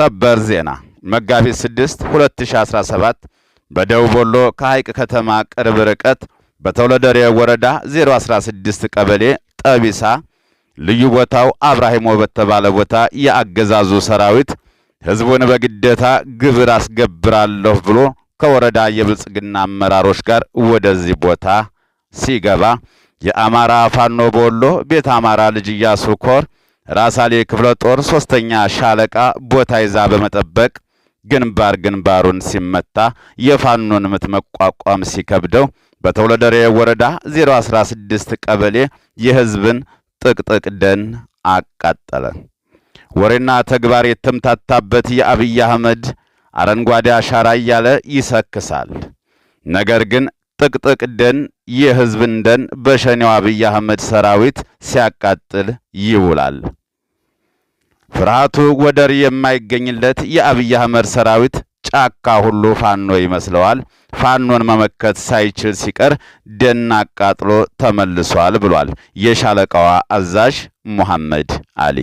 ሰበር ዜና መጋቢት 6 2017 በደቡብ ወሎ ከሐይቅ ከተማ ቅርብ ርቀት በተውለደሬ ወረዳ 016 ቀበሌ ጠቢሳ ልዩ ቦታው አብራሂሞ በተባለ ቦታ የአገዛዙ ሰራዊት ሕዝቡን በግዴታ ግብር አስገብራለሁ ብሎ ከወረዳ የብልጽግና አመራሮች ጋር ወደዚህ ቦታ ሲገባ የአማራ ፋኖ በወሎ ቤት አማራ ልጅ ኮር ራሳሌ ክፍለ ጦር ሶስተኛ ሻለቃ ቦታ ይዛ በመጠበቅ ግንባር ግንባሩን ሲመታ የፋኖን ምት መቋቋም ሲከብደው በተወለደሬ ወረዳ 016 ቀበሌ የህዝብን ጥቅጥቅ ደን አቃጠለ። ወሬና ተግባር የተምታታበት የአብይ አህመድ አረንጓዴ አሻራ እያለ ይሰክሳል። ነገር ግን ጥቅጥቅ ደን የህዝብን ደን በሸኔው አብይ አህመድ ሰራዊት ሲያቃጥል ይውላል። ፍርሃቱ ወደር የማይገኝለት የአብይ አህመድ ሰራዊት ጫካ ሁሉ ፋኖ ይመስለዋል። ፋኖን መመከት ሳይችል ሲቀር ደን አቃጥሎ ተመልሷል ብሏል የሻለቃዋ አዛዥ ሙሐመድ አሊ።